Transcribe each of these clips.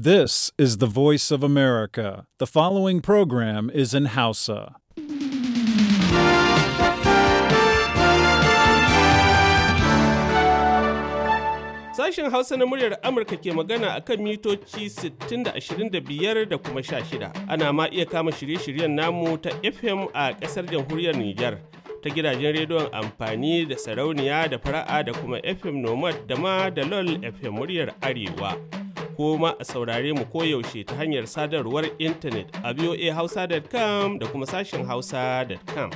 This is the voice of America. The following program is in Hausa. Sashen Hausa na muryar Amurka ke magana a kan mitoci 60-25 da kuma 16. Ana ma iya kama shirye-shiryen namu ta FM a ƙasar jamhuriyar Nijar. ta gidajen rediyon amfani da sarauniya da fara'a da kuma FM Nomad da ma da LOL FM muryar Arewa. ko a saurare mu koyaushe ta hanyar sadarwar intanet a voahausa.com da kuma sashen hausa.com.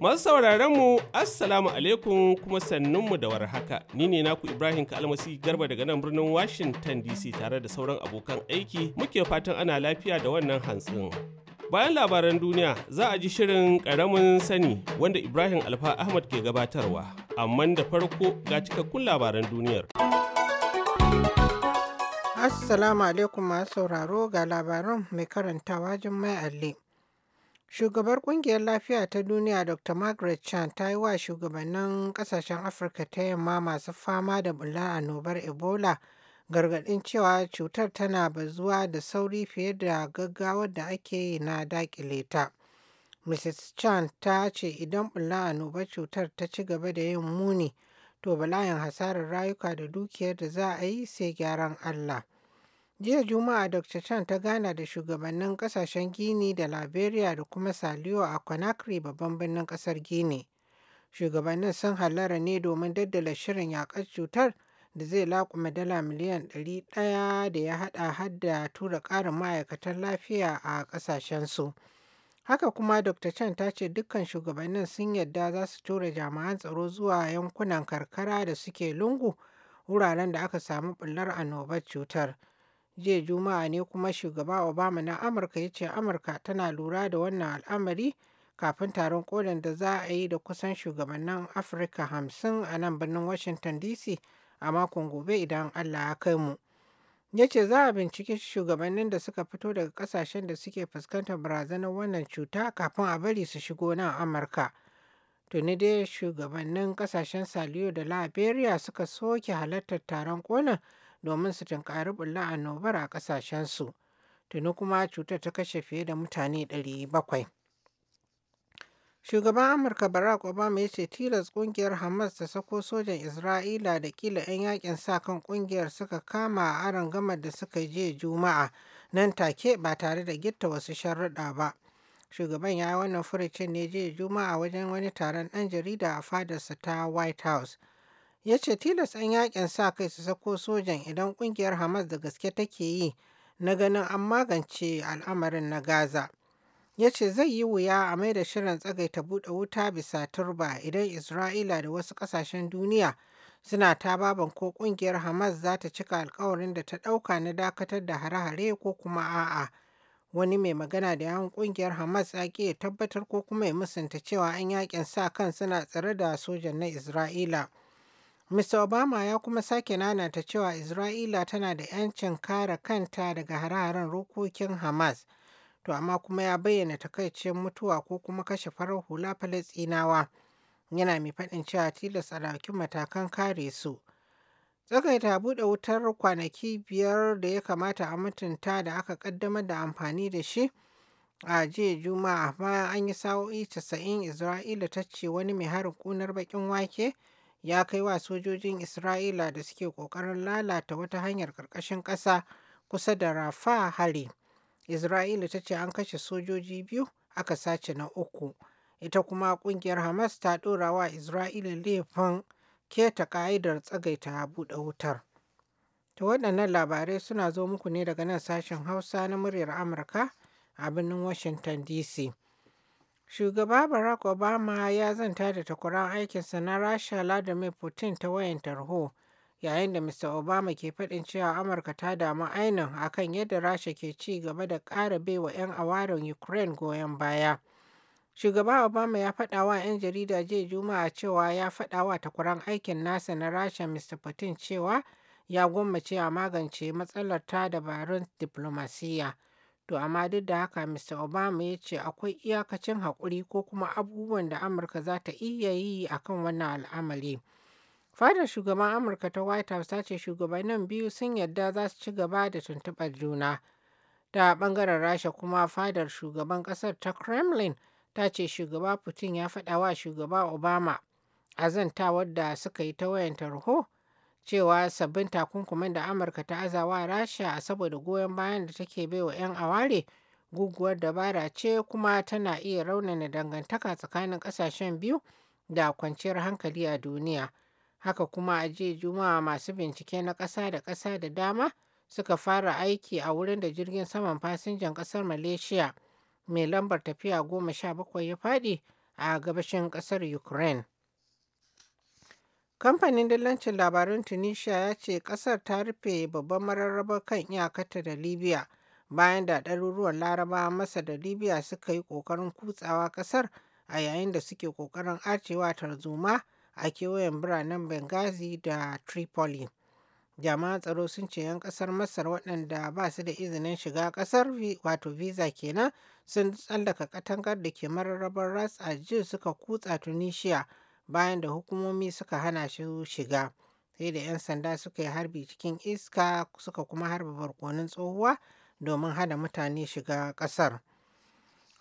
Masu sauraron mu Assalamu alaikum kuma sannunmu da warhaka. Ni ne naku Ibrahim Kalmasi Garba daga nan birnin Washington DC tare da sauran abokan aiki muke fatan ana lafiya da wannan hantsin. Bayan labaran duniya za a ji shirin ƙaramin sani wanda Ibrahim Alfa Ahmad ke gabatarwa. amma da farko ga cikakkun labaran duniyar. Assalamu alaikum masu sauraro ga labaran mai karantawa Jummai Alli. Shugabar kungiyar lafiya ta duniya Dr. Margaret Chan ta yi wa shugabannin kasashen Afirka ta yamma masu fama da bulla annobar Ebola gargaɗin cewa cutar tana bazuwa da sauri fiye da gaggawar da ake yi na dakile ta. Mrs. Chan ta ce idan bula annoba cutar ta ci gaba da yin muni, to bala'in hasarar rayuka da dukiyar da za a yi sai gyaran Allah. Jiya Juma'a Dr. Chan ta gana da shugabannin kasashen Gini da Liberia da kuma Saliyo a Conakry babban birnin kasar Gini. Shugabannin sun hallara ne domin daddala shirin yakar cutar da zai laƙuma dala miliyan 100 da ya hada hadda tura ƙarin ma'aikatan lafiya a ƙasashensu. su. Haka kuma Dr. Chan ta ce dukkan shugabannin sun yadda za su tura jami'an tsaro zuwa yankunan karkara da suke lungu wuraren da aka samu bullar annobar cutar. Jiya Juma'a ne kuma shugaba Obama na Amurka ya ce Amurka tana lura da wannan al'amari kafin taron kolin da za a yi da kusan shugabannin Afirka hamsin a nan birnin Washington DC a makon gobe idan Allah ya kai mu. ya ce za a binciki shugabannin da suka fito daga kasashen da suke fuskantar barazanar wannan cuta kafin a bari su shigo nan amurka tuni dai shugabannin kasashen saliyo da liberia suka soke halartar taron konan domin su tunkari bulla annobar a kasashensu tuni kuma cutar ta kashe fiye da mutane 700 Shugaban Amurka Barack Obama ya ce tilas kungiyar Hamas ta sako sojan Isra'ila da kila 'yan yakin sa kan kungiyar suka kama a arangamar da suka je Juma'a nan take ba tare da gitta wasu sharruɗa ba. Shugaban ya yi wannan furucin ne je Juma'a wajen wani taron ɗan jarida a fadarsa ta White House. Ya ce tilas 'yan yakin sa kai su sako sojan idan kungiyar Hamas da gaske take yi na ganin an magance al'amarin na Gaza. ya ce zai yi wuya a mai da shirin tsagaita buɗe wuta bisa turba idan isra'ila da wasu ƙasashen duniya suna ta baban ko ƙungiyar hamas za ta cika alkawarin da ta ɗauka na dakatar da hare-hare ko kuma a'a wani mai magana da yawon ƙungiyar hamas ya ke, ya tabbatar ko kuma ya musanta cewa an yakin sa kan suna tsare da sojan na isra'ila mr obama ya kuma sake nanata cewa isra'ila tana da 'yancin kare kanta daga hare-haren rokokin hamas to amma kuma ya bayyana takaicin mutuwa ko kuma kashe farar hula falastinawa yana mai faɗin cewa tilas a ɗauki matakan kare su. Tsakaita buɗe wutar kwanaki biyar da ya kamata a mutunta da aka ƙaddamar da amfani da shi a jiya Juma'a bayan an yi sa'o'i casa'in Isra'ila ta ce wani mai harin ƙunar baƙin wake ya kai wa sojojin Isra'ila da suke ƙoƙarin lalata wata hanyar ƙarƙashin ƙasa kusa da Rafa hari. Isra'ila ta ce an kashe sojoji biyu aka sace na uku. Ita kuma kungiyar Hamas ta ɗora wa Isra'ila laifin keta ka'idar tsagaita buɗe wutar. Ta waɗannan labarai suna zo muku ne daga nan sashen Hausa na muryar Amurka a birnin Washington DC. Shugaba Barack Obama ya zanta da takwaran aikinsa na Rasha Vladimir Putin ta wayan tarho yayin da Mr. Obama ke faɗin cewa Amurka ta damu ainin akan yadda Rasha ke ci gaba da ƙara baiwa 'yan awarin Ukraine goyon baya. Shugaba Obama ya faɗa wa 'yan jarida jiya Juma'a cewa ya faɗa wa takwaran aikin nasa na Rasha Mr. Putin cewa ya gwammace a magance matsalar ta dabarun diplomasiyya. To amma duk da haka Mr. Obama ya ce akwai iyakacin haƙuri ko kuma abubuwan da Amurka za ta iya yi akan wannan al'amari. Fadar Shugaban Amurka ta White House ta ce shugabannin biyu sun yarda za su ci gaba da tuntuɓar juna. Ta bangaren Rasha kuma fadar shugaban ƙasar ta Kremlin ta ce shugaba Putin ya faɗa wa shugaba Obama a zantawar da suka yi ta wayan tarho cewa sabbin takunkumin da Amurka ta azawa Rasha saboda goyon bayan da take wa 'yan aware guguwar dabara ce kuma tana iya raunana dangantaka tsakanin ƙasashen biyu da kwanciyar hankali a duniya. Haka kuma a jiya Juma'a masu bincike na ƙasa da ƙasa da dama suka fara aiki a wurin da jirgin saman fasinjan ƙasar Malaysia mai lambar tafiya goma sha bakwai ya faɗi a gabashin ƙasar Ukraine. Kamfanin dillancin labarun Tunisia ya ce ƙasar ta rufe babban mararraba kan iyakarta da Libya bayan da ɗaruruwan laraba Masa da Libya suka yi ƙoƙarin kutsawa ƙasar a yayin da suke ƙoƙarin arcewa tarzoma a kewayen biranen Benghazi da Tripoli. Jami'an tsaro sun ce 'yan kasar Masar waɗanda ba su da izinin shiga kasar wato visa kenan sun tsallaka katangar da ke mararrabar Ras Ajil suka kutsa Tunisia bayan da hukumomi suka hana shi shiga. Sai da 'yan sanda suka yi harbi cikin iska suka kuma harba barkonin tsohuwa domin hana mutane shiga kasar.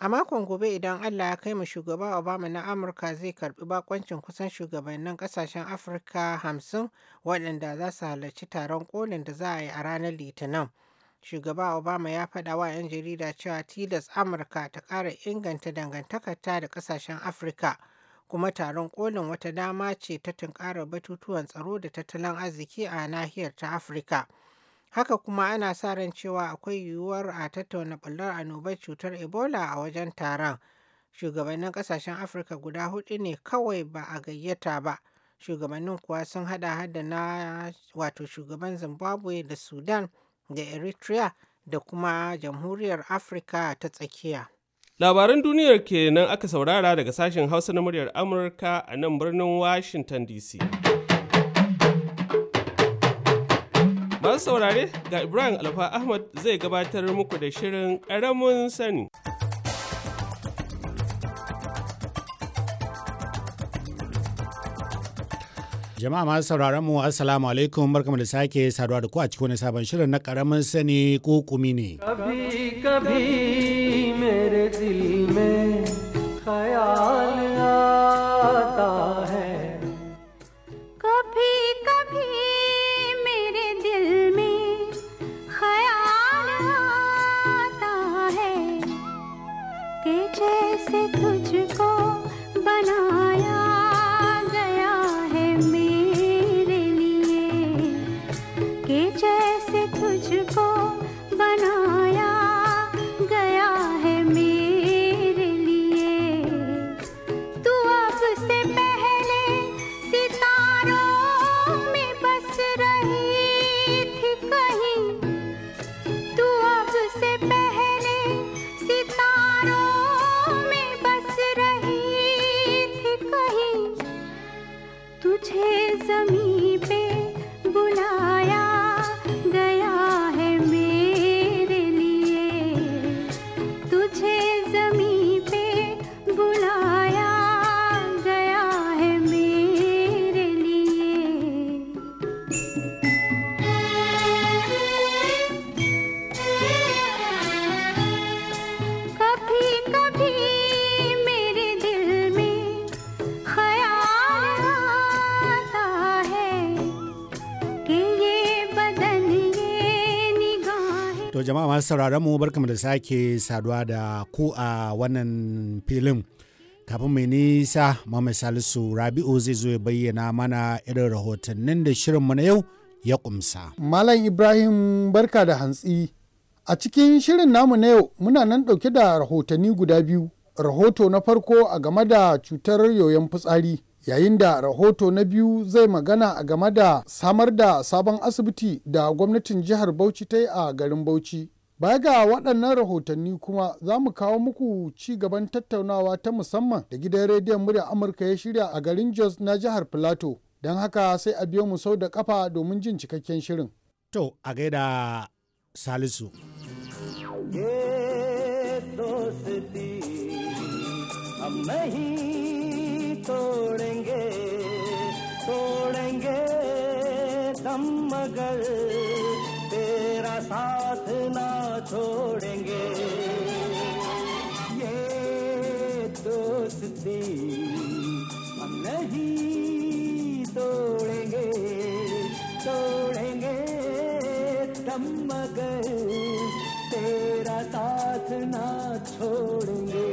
A makon gobe idan Allah ya kai mu shugaba Obama na Amurka zai karbi bakoncin kusan shugabannin kasashen Afirka hamsin waɗanda za su halarci taron kolin da za a yi a ranar Litinin. Shugaba Obama ya faɗa wa 'yan jarida cewa tilas Amurka ta ƙara inganta dangantakarta da kasashen Afirka kuma taron kolin wata dama ce ta tunkarar batutuwan tsaro da tattalin arziki a nahiyar ta Afirka. Haka kuma ana sa ran cewa akwai yiwuwar a tattauna ɓullar annobar cutar Ebola a wajen taron. Shugabannin ƙasashen Afirka guda hudu ne kawai ba a gayyata ba. Shugabannin kuwa sun hada hada na wato shugaban Zimbabwe da Sudan da Eritrea da kuma Jamhuriyar Afirka ta tsakiya. Labaran duniyar kenan aka saurara daga sashen Hausa na muryar Amurka a nan birnin Washington DC. Masu saurari ga Ibrahim Alfa Ahmad zai gabatar muku da shirin ƙaramin sani. Jama'a masu sauraron mu Assalamu alaikum barkamu da sake saduwa da ku a cikin wani sabon shirin na karamin sani ko kumi ne. kabi kabi mere dil mein khayal तुझे जमीन sauraron mu barkamu da sake saduwa da ku a wannan filin. Kafin mai nisa Mamai Salisu Rabi'u zai zo ya bayyana mana irin rahotannin da shirinmu na yau ya kumsa. Malam Ibrahim barka da hantsi. A cikin shirin namu na yau muna nan ɗauke da rahotanni guda biyu. Rahoto na farko a game da cutar yoyon fitsari. yayin da rahoto na biyu zai magana a game da samar da sabon asibiti da gwamnatin jihar bauchi ta yi a garin bauchi Baya ga waɗannan rahotanni kuma za mu kawo muku ci gaban tattaunawa ta musamman da gidan rediyon murya Amurka ya shirya a garin Jos na jihar Filato. Don haka sai a biyo mu sau da kafa domin jin cikakken shirin. To, a gaida Salisu. साथ ना छोड़ेंगे ये दोस्ती हम नहीं तोड़ेंगे तोड़ेंगे तम मगर तेरा साथ ना छोड़ेंगे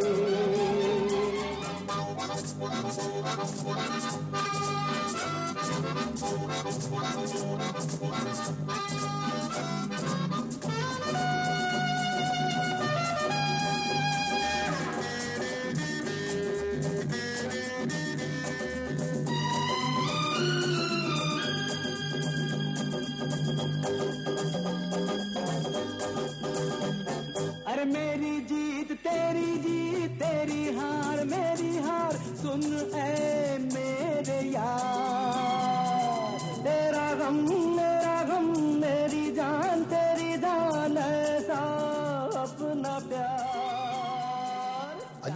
Thank you. Thank you.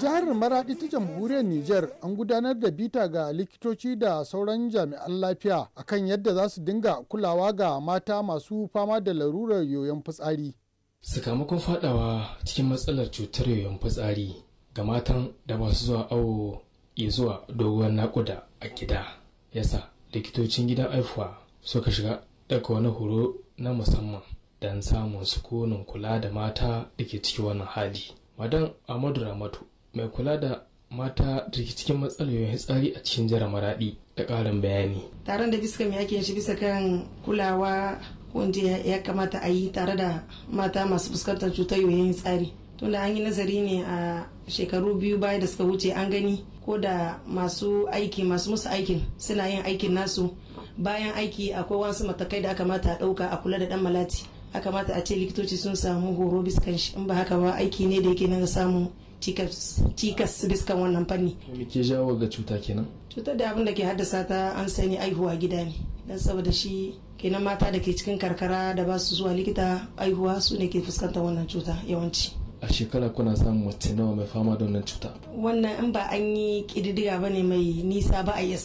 jihar Maradi ta jamhuriyar niger an gudanar da bita ga likitoci da sauran jami'an lafiya akan yadda za su dinga kulawa ga mata masu fama da larurar yoyon fitsari. Sakamakon fadawa cikin matsalar cutar yoyon fitsari ga matan da ba su zuwa awo ya zuwa doguwar nakuda a gida yasa likitocin gidan haifuwa suka shiga daga wani horo na musamman don samun sukunin kula da mata da ke cikin wannan hali. Madan Amadu Ramatu mai kula da mata da cikin matsalolin hitsari a cikin jihar maradi da ƙarin bayani taron da biskam ya ke shi bisa kan kulawa wanda ya kamata a yi tare da mata masu fuskantar cutar yoyin hitsari tunda an yi nazari ne a shekaru biyu baya da suka wuce an gani ko da masu aiki masu musu aikin suna yin aikin nasu bayan aiki akwai wasu matakai da aka mata a ɗauka a kula da ɗan malati aka mata a ce likitoci sun samu horo biskan shi in ba haka ba aiki ne da yake na samu cikas biskan wannan fanni. Me ke jawo ga cuta kenan? Cutar da abin da ke haddasa ta an sani aihuwa gida ne. Dan saboda shi kenan mata da ke cikin karkara da ba su zuwa likita aihuwa su ne ke fuskantar wannan cuta yawanci. A shekara kuna samun mace nawa mai fama da wannan cuta? Wannan in ba an yi ƙididdiga ba ne mai nisa ba a iya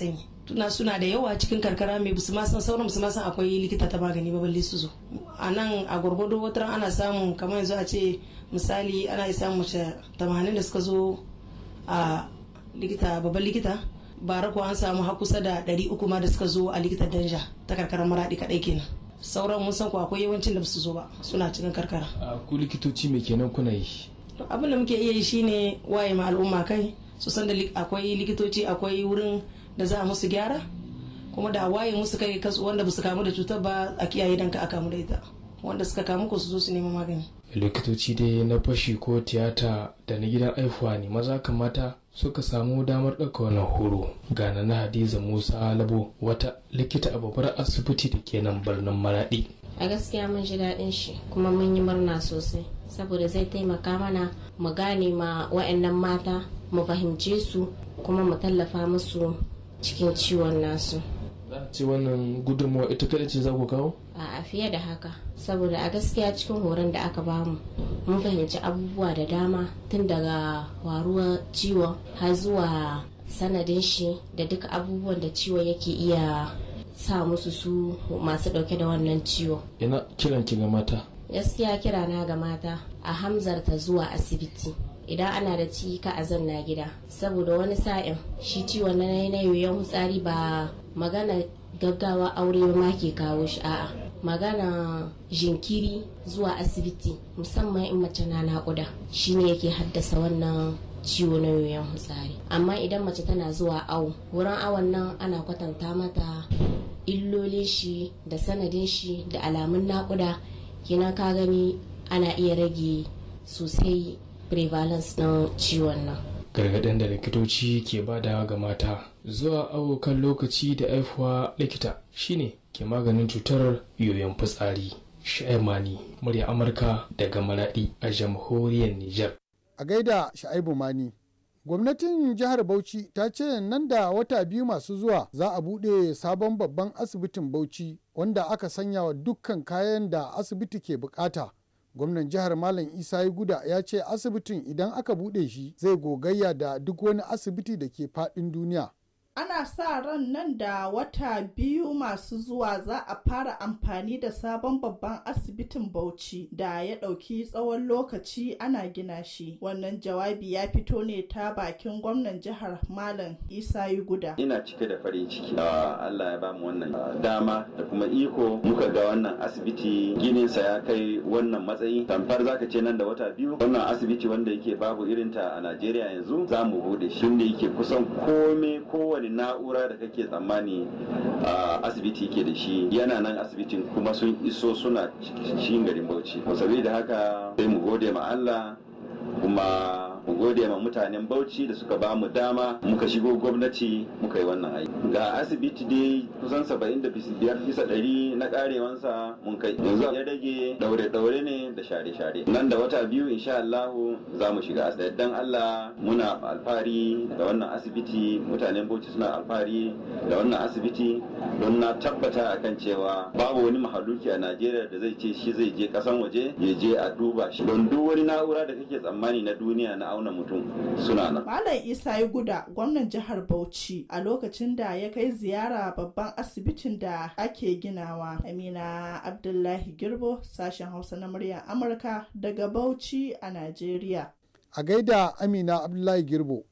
sani. tuna suna da yawa cikin karkara mai bisu ma san sauran bisu ma san akwai likita ta magani ba balle su zo a nan a gwargwado wata ana samun kamar yanzu a ce misali ana samun mace tamanin da suka zo a likita babban likita bara ko an samu har kusa da ɗari uku ma da suka zo a likitar danja ta karkarar maraɗi kaɗai kenan sauran mun san ko akwai yawancin da su zo ba suna cikin karkara ku likitoci me kenan kuna yi abin da muke iya yi shine waye ma al'umma kai su san da akwai likitoci akwai wurin da za a musu gyara kuma da waye musu kai wanda ba su kamu da cutar ba a kiyaye dan ka a kamu da ita wanda suka kamu ko su zo su nemi magani likitoci dai na fashi ko tiyata da na gidan aifuwa ne maza kamata suka samu damar ɗauka wannan horo gana na hadiza musa labo wata likita a babbar asibiti da ke nan birnin maraɗi a gaskiya mun ji daɗin shi kuma mun yi murna sosai saboda zai taimaka mana mu gane ma wa'annan mata mu fahimce su kuma mu tallafa musu cikin ciwon nasu ce wannan gudunmawa ita kada ce za ku kawo? a fiye da haka saboda a gaskiya cikin horon da aka bamu mun fahimci abubuwa da dama tun daga waruwar ciwon har zuwa sanadin shi da duka abubuwan da ciwon yake iya sa musu su masu dauke da wannan ciwon ina kiran ki ga mata gaskiya kira na ga mata a hamzarta zuwa asibiti idan ana da cika a zanna gida saboda wani sa'in shi ciwon na na yoyon tsari ba magana gaggawa aure ma ke kawo shi a'a magana jinkiri zuwa asibiti musamman in mace na naƙuda ne yake haddasa wannan ciwo na yoyon tsari amma idan mace tana zuwa awo wurin awon nan ana kwatanta mata illolin shi da sanadin shi da alamun naƙuda kenan ka gani ana iya rage sosai prevalence na ciwon nan gargaɗin da likitoci ke badawa ga mata zuwa awo kan lokaci da haihuwa likita shine ke maganin cutar yoyon fitsari sha'imani murya amurka daga maraɗi a jamhuriyar niger a gaida sha'ibu mani gwamnatin jihar bauchi ta ce nan da wata biyu masu zuwa za a buɗe sabon babban asibitin bauchi wanda aka sanya wa dukkan kayan da asibiti ke bukata gwamnan jihar malam isa ya guda ya ce asibitin idan aka buɗe shi zai gogayya da duk wani asibiti da ke faɗin duniya ana sa ran nan da wata biyu masu zuwa za a fara amfani da sabon babban asibitin bauchi da ya ɗauki tsawon lokaci ana gina shi wannan jawabi ya fito ne ta bakin gwamnan jihar malam isa guda ina cike da farin ciki allah ya bamu wannan dama da kuma iko muka ga wannan asibiti sa ya kai wannan matsayi tamfar zaka ce nan da wata biyu wannan asibiti wanda yake babu irinta a najeriya yanzu za mu bude shi ne yake kusan kome kowane wani na'ura da kake tsammani a asibiti ke da shi yana nan asibitin kuma sun iso suna cikin garin bauchi da haka sai mu gode ma Allah kuma mu gode ma mutanen Bauchi da suka ba mu dama muka shigo gwamnati muka yi wannan aiki ga asibiti dai kusan 75 bisa ɗari na karewansa mun kai yanzu ya rage daure-daure ne da share-share nan da wata biyu insha Allah za mu shiga asibiti dan Allah muna alfari da wannan asibiti mutanen Bauchi suna alfari da wannan asibiti don na tabbata akan cewa babu wani mahaluki a Najeriya da zai ce shi zai je kasan waje ya je a duba shi don duk wani na'ura da kake tsammani na duniya na auna mutum suna nan. Malam Isa ya guda gwamnan jihar Bauchi a lokacin da ya kai ziyara babban asibitin da ake ginawa. Amina Abdullahi Girbo sashen Hausa na murya Amurka daga Bauchi a Najeriya. A gaida Amina Abdullahi Girbo.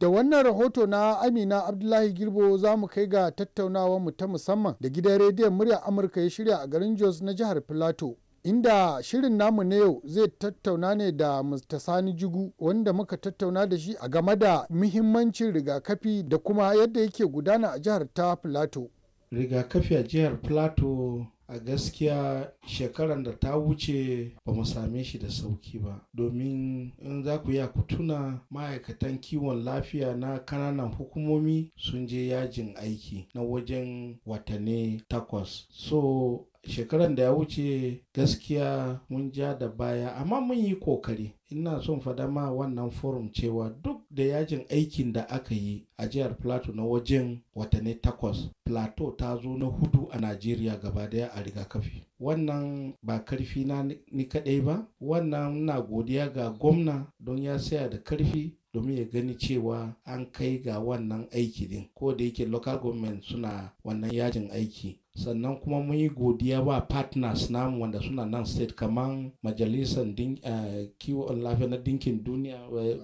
Da wannan rahoto na Amina Abdullahi Girbo za mu kai ga tattaunawa mu ta musamman da gidan rediyon murya Amurka ya shirya a garin Jos na jihar Filato inda shirin namu na yau zai tattauna ne da Mr. Sani Jugu wanda muka tattauna da shi a game da muhimmancin rigakafi da kuma yadda yake gudana a jihar ta Plateau. Rigakafi a jihar Plateau a gaskiya shekaran da ta wuce ba mu same shi da sauki ba domin in za ku ya ku tuna ma'aikatan kiwon lafiya na kananan hukumomi sun je yajin aiki na wajen watanni takwas so shekaran da ya wuce gaskiya mun ja da baya amma mun yi kokari ina son fada ma wannan forum cewa duk da yajin aikin da aka yi a jihar plateau na wajen watanni takwas plateau ta zo na hudu a najeriya gaba daya a rigakafi wannan ba karfi na ni kadai ba wannan na godiya ga gwamna don ya saya da karfi domin ya gani cewa an kai ga wannan aiki din ko da yake local government suna wannan yajin aiki sannan kuma mun yi godiya ba partners namu wanda suna nan state kamar majalisar eh, kiwon lafiya na dinkin duniya eh,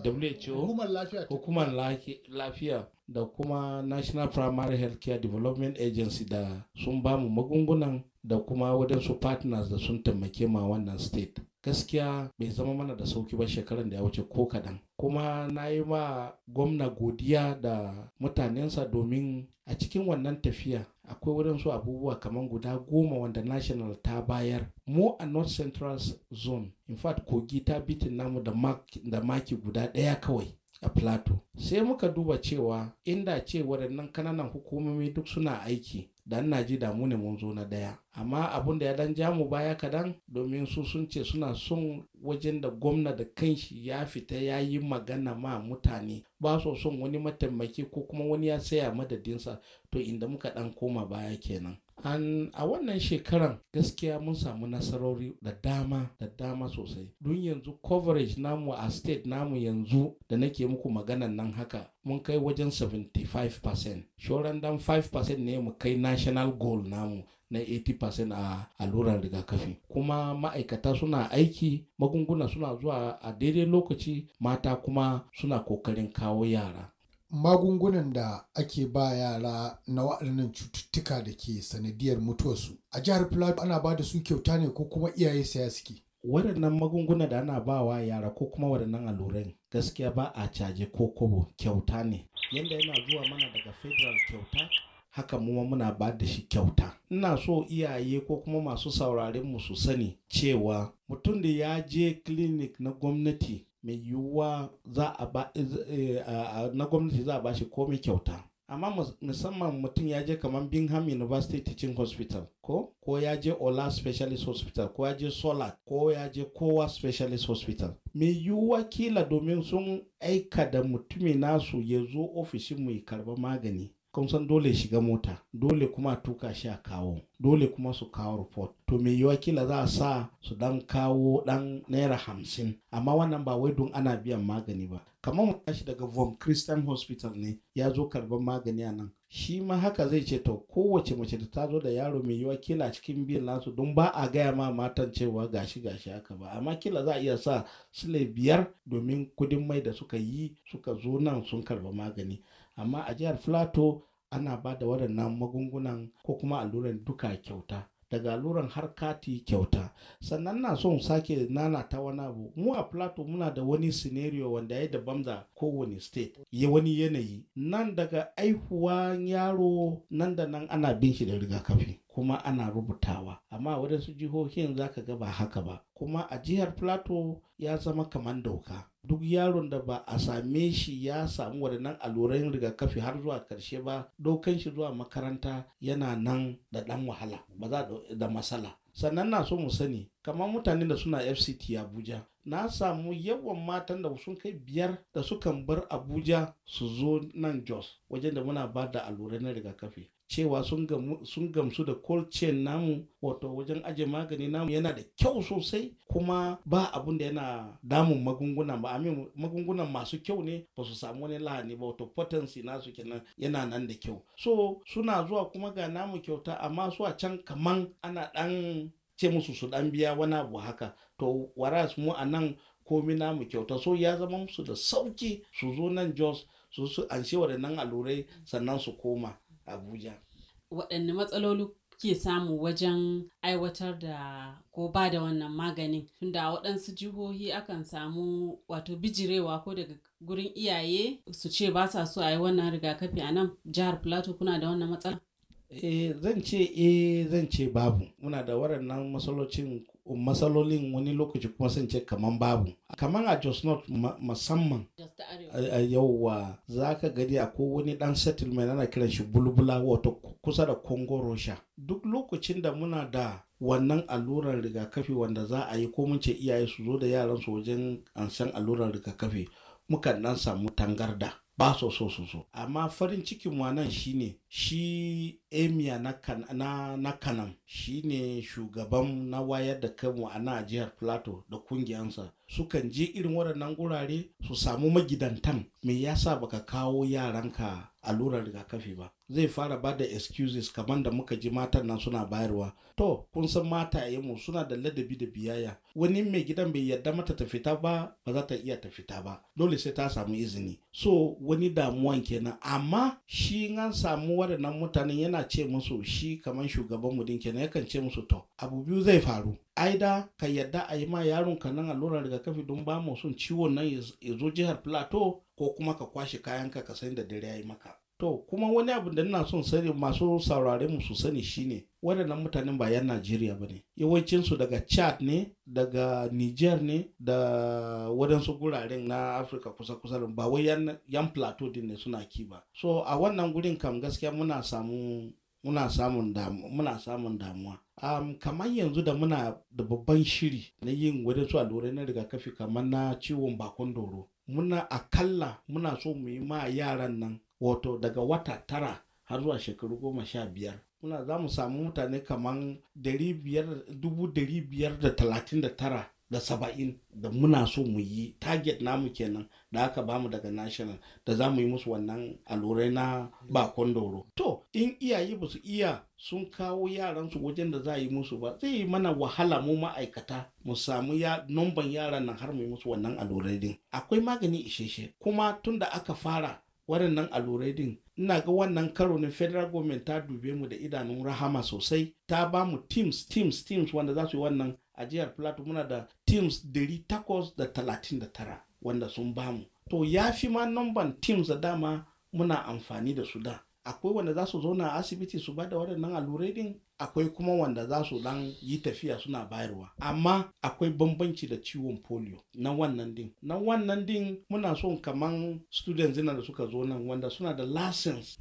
who hukumar lafiya da kuma national primary healthcare development agency da sun ba mu magungunan da kuma wadansu partners da sun taimake ma wannan state gaskiya bai zama mana da sauki ba shekaran da ya wuce ko kaɗan kuma na yi ma gwamna godiya da mutanensa domin a cikin wannan tafiya akwai waɗansu abubuwa kamar guda goma wanda national ta bayar mu a north central zone in fact kogi ta bitin namu da maki guda ɗaya kawai a plato sai muka duba cewa inda ce waɗannan kananan hukumomi duk suna aiki dan na ji damu ne mun zo na daya amma abun da ya dan ja mu baya kadan domin su sun ce suna son wajen da gwamna da kanshi ya fita ya yi magana ma mutane ba so son wani mataimaki ko kuma wani ya saya madadinsa to inda muka dan koma baya kenan an a wannan shekaran gaskiya mun samu nasarori da dama da dama sosai don yanzu coverage namu a state namu yanzu da nake muku maganan nan haka mun kai wajen 75% shoran dan 5% ne mu kai national goal namu na 80% a allurar rigakafi kuma ma'aikata suna aiki magunguna suna zuwa a daidai lokaci mata kuma suna kokarin kawo yara magungunan da ake ba yara na waɗannan cututtuka da ke sanadiyar mutuwarsu a jihar plateau ana ba da su kyauta ne ko kuma iyaye saya suke waɗannan magunguna da ana ba wa yara ko kuma waɗannan alluran gaskiya ba a caje ko kobo kyauta ne yadda yana zuwa mana daga federal kyauta haka mu muna ba da shi kyauta ina so iyaye ko kuma masu sauraren mu su sani cewa mutum da ya je clinic na gwamnati mai yiwuwa za a ba eh, na gwamnati za a ba shi komai kyauta amma musamman mutum ya je kamar Bingham University Teaching Hospital ko ko ya je Ola Specialist Hospital ko ya je solar ko ya je Kowa Specialist Hospital mai yiwuwa kila domin sun aika da mutumi nasu ya zo ofishin mu karba magani kun san dole shiga mota dole kuma tuka shi a kawo dole kuma su kawo report to me yi wakila za a sa su dan kawo dan naira hamsin amma wannan ba wai don ana biyan magani ba kamar mu tashi daga vom christian hospital ne ya zo karban magani a nan shi ma haka zai ce to kowace mace da ta zo da yaro mai yiwa kila cikin biyan nasu don ba a gaya ma matan cewa gashi gashi haka ba amma kila za a iya sa sule biyar domin kudin mai da suka yi suka zo nan sun karba magani amma a jihar filato ana ba da waɗannan magungunan ko kuma alluran duka kyauta daga alluran har kati kyauta sannan na son sake nana ta wani abu mu a plato muna da wani scenario wanda ya daban da kowane state ya wani yanayi nan daga aihuwan yaro nan da nan ana bin shi da rigakafi kuma ana rubutawa amma waɗansu jihohin zaka ga ba haka ba kuma a jihar plateau ya zama kamar doka duk yaron da ba a same shi ya samu waɗannan alluran rigakafi har zuwa karshe ba dokan shi zuwa makaranta yana nan da ɗan wahala ba za da masala sannan na so mu sani kamar mutane da suna fct abuja na samu yawan matan da sun kai biyar da sukan bar abuja su zo nan jos wajen da muna ba da allurai na rigakafi cewa sun gamsu da cold chain namu wato wajen ajiye magani namu yana da kyau sosai kuma ba abun da yana damun magunguna ba amin magungunan masu kyau ne ba su samu wani lahani ba wato potency nasu kenan yana nan da kyau so suna zuwa kuma ga namu kyauta amma su a can kaman ana dan ce musu su dan biya wani abu haka to waras mu a nan komi namu kyauta so ya zama musu da sauki su zo nan jos su su an da nan allurai sannan su koma abuja waɗanne matsaloli ke samu wajen aiwatar da ko ba da wannan maganin tunda a waɗansu jihohi akan samu wato bijirewa ko daga gurin iyaye su ce ba sa so a yi wannan rigakafi a nan jihar plateau kuna da wannan matsala E zan ce e zan ce babu muna da waɗannan matsalolin masalolin wani lokaci kuma sun ce kaman babu kaman a Jos not musamman a yauwa za ka gani a wani dan settlement ana kiran shi bulbula wato kusa da Congo Russia duk lokacin da muna da wannan allurar rigakafi wanda za a yi ko mun ce iyaye su zo da yaran su wajen ansan allurar rigakafi mukan dan samu tangarda ba so so so amma farin cikin wannan shine shi emia na, kanan na, kanam shi ne shugaban na wayar da kanmu a na jihar plateau da kungiyansa sukan je irin waɗannan gurare su samu magidantan me yasa baka kawo yaran yaranka allurar rigakafi ba zai fara ba da excuses kamar da muka ji matan nan suna bayarwa to kun san mu suna da ladabi da biyayya wani mai gidan bai yarda mata ta fita ba ba za ta iya ta fita ba dole sai ta samu izini so wani damuwan kenan amma shi an samu waɗannan mutanen yana ce musu shi kamar shugaban mu din kenan yakan ce musu to abu biyu zai faru aida ka yadda a yi ma yaron ka nan allurar rigakafi don ba mu sun ciwon nan ya zo jihar plateau ko kuma ka kwashe kayanka ka san da dare ya yi maka To kuma wani abu da ina son sani masu saurare mu su sani shine waɗannan mutanen ba 'yan Najeriya ba ne. Yawancinsu daga Chad ne, daga Niger ne, da waɗansu guraren na Afirka kusa-kusa ba wai 'yan plateau din ne suna ki ba. So a wannan gurin kam gaskiya muna samu muna samun damuwa muna samun damuwa um, kamar yanzu da muna da babban shiri na yin su allurai na kafi kamar na ciwon bakon doro muna akalla muna so mu yi ma yaran nan wato daga wata tara har zuwa shekaru goma sha biyar muna za mu samu mutane kaman dubu dari biyar da talatin da tara da saba'in da muna so mu yi target namu kenan da aka bamu daga national da za mu yi musu wannan alure na bakon doro to in iyaye ba su iya sun kawo yaransu wajen da za a yi musu ba zai yi mana wahala mu ma'aikata mu samu ya nomban yaran nan har mu yi musu wannan allurai din akwai magani isheshe kuma tun da aka fara waɗannan allurai din ina ga wannan karo na federal government ta dube mu da idanun rahama sosai ta ba mu teams teams teams wanda za su yi wannan a jihar plateau muna da teams 839 wanda sun ba mu to ya fi ma namban teams da dama muna amfani da su da akwai wanda za su zo a asibiti su ba da waɗannan allurai din akwai kuma wanda za su dan yi tafiya suna bayarwa amma akwai bambanci da ciwon polio na wannan din na wannan din muna son kaman students na da suka zo nan wanda suna da license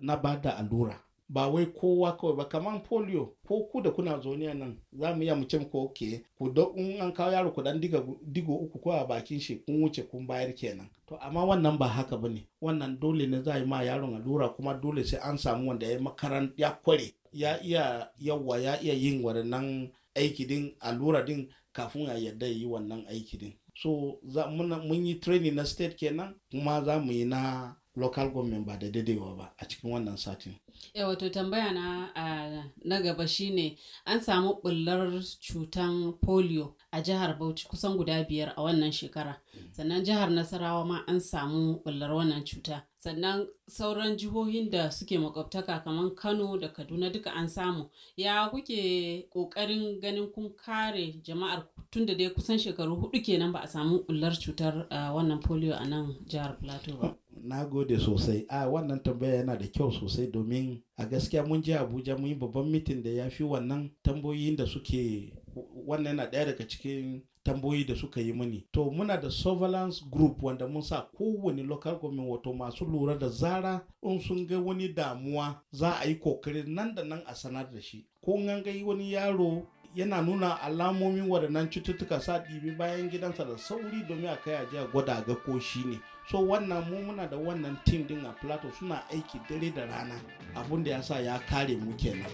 na bada allura ba wai kowa kawai ba kaman polio ko ku da kuna zoniya nan za mu iya mu ce ke ku da in an kawo yaro ku dan digo uku ko a bakin shi kun wuce kun bayar kenan to amma wannan ba haka bane wannan dole ne za a yi ma yaron allura kuma dole sai an samu wanda ya makaran ya kware ya iya yawa ya iya yin wannan aiki din allura din kafin a yadda yi wannan aiki din so mun yi training na state kenan kuma za mu yi na local government ba da daidaiwa ba a cikin wannan satin. Yeah, wato tambaya na na gaba shine an samu bullar cutan polio a jihar Bauchi kusan guda biyar a wannan shekara. Mm. Sannan jihar Nasarawa ma an samu bullar wannan cuta. Sannan sauran jihohin da suke makwabtaka kamar Kano da Kaduna duka an samu. Ya kuke kokarin ganin kun kare jama'ar tun da dai kusan shekaru hudu kenan ba a samu bullar cutar wannan polio a nan jihar Plateau ba. na gode sosai a wannan tambaya yana da kyau sosai domin a gaskiya mun je abuja mun yi babban mitin da ya fi wannan tambayoyin da suke wannan yana ɗaya daga cikin tambayoyi da suka yi mini to muna da surveillance group wanda mun sa kowane local government wato masu lura da zara in sun ga wani damuwa za a yi kokari nan da nan a sanar da shi ko an ga wani yaro yana nuna alamomin waɗannan cututtuka sa ɗibi bayan gidansa da sauri domin a kai ajiya gwada ga ko shi ne so wannan mu muna da wannan tim din a plato suna aiki dare da rana abun da ya sa ya kare mu kenan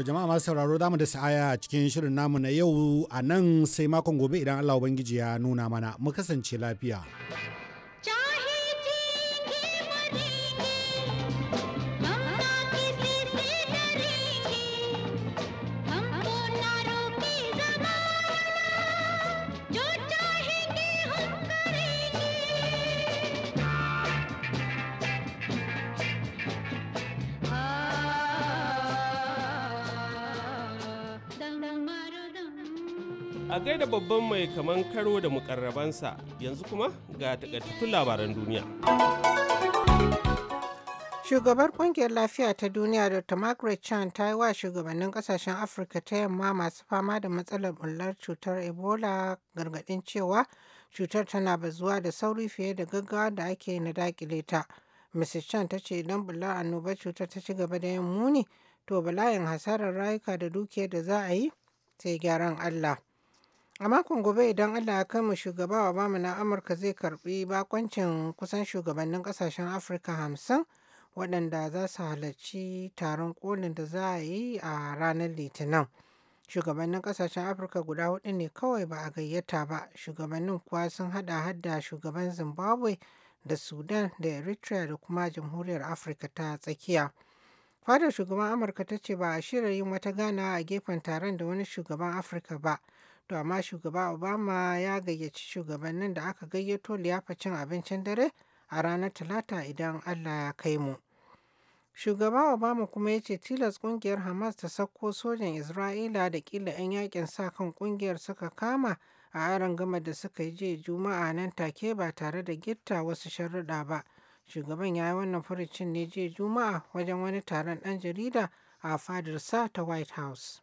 To jama'a masu sauraro damu da sa'aya cikin shirin namu na yau a nan sai makon gobe idan Allah Ubangiji ya nuna mana mu kasance lafiya. babban mai kaman karo da mukarrabansa yanzu kuma ga takaitattun labaran duniya. Shugabar kungiyar lafiya ta duniya Dr. Margaret Chan ta yi wa shugabannin kasashen Afirka ta yamma masu fama da matsalar bullar cutar Ebola gargaɗin cewa cutar tana bazuwa da sauri fiye da gaggawa da ake na dakile ta. Mrs. Chan ta ce idan bullar annobar cutar ta ci gaba da yin muni to bala'in hasarar rayuka da dukiyar da za a yi sai gyaran Allah. A makon gobe idan Allah ya kai mu shugaba bamu na Amurka zai karbi bakoncin kusan shugabannin kasashen Afirka hamsin waɗanda za su halarci taron kolin da za a yi a ranar Litinin. Shugabannin kasashen Afirka guda hudu ne kawai ba a gayyata ba, shugabannin kuwa sun hada hada shugaban Zimbabwe da Sudan da Eritrea da kuma Jamhuriyar Afirka ta tsakiya. Fadar shugaban Amurka ta ce ba a shirya yin wata ganawa a gefen taron da wani shugaban Afirka ba. To amma shugaba Obama ya gayyaci shugabannin da aka gayyato liyafa cin abincin dare a ranar Talata idan Allah ya kai mu. Shugaba Obama kuma ya ce tilas kungiyar Hamas ta sako sojan Isra'ila da kila 'yan yakin sa kan kungiyar suka kama a aron gama da suka yi jiya Juma'a nan take ba tare da gitta wasu sharuɗa ba. Shugaban ya yi wannan furucin ne jiya Juma'a wajen wani taron ɗan jarida a fadarsa ta White House.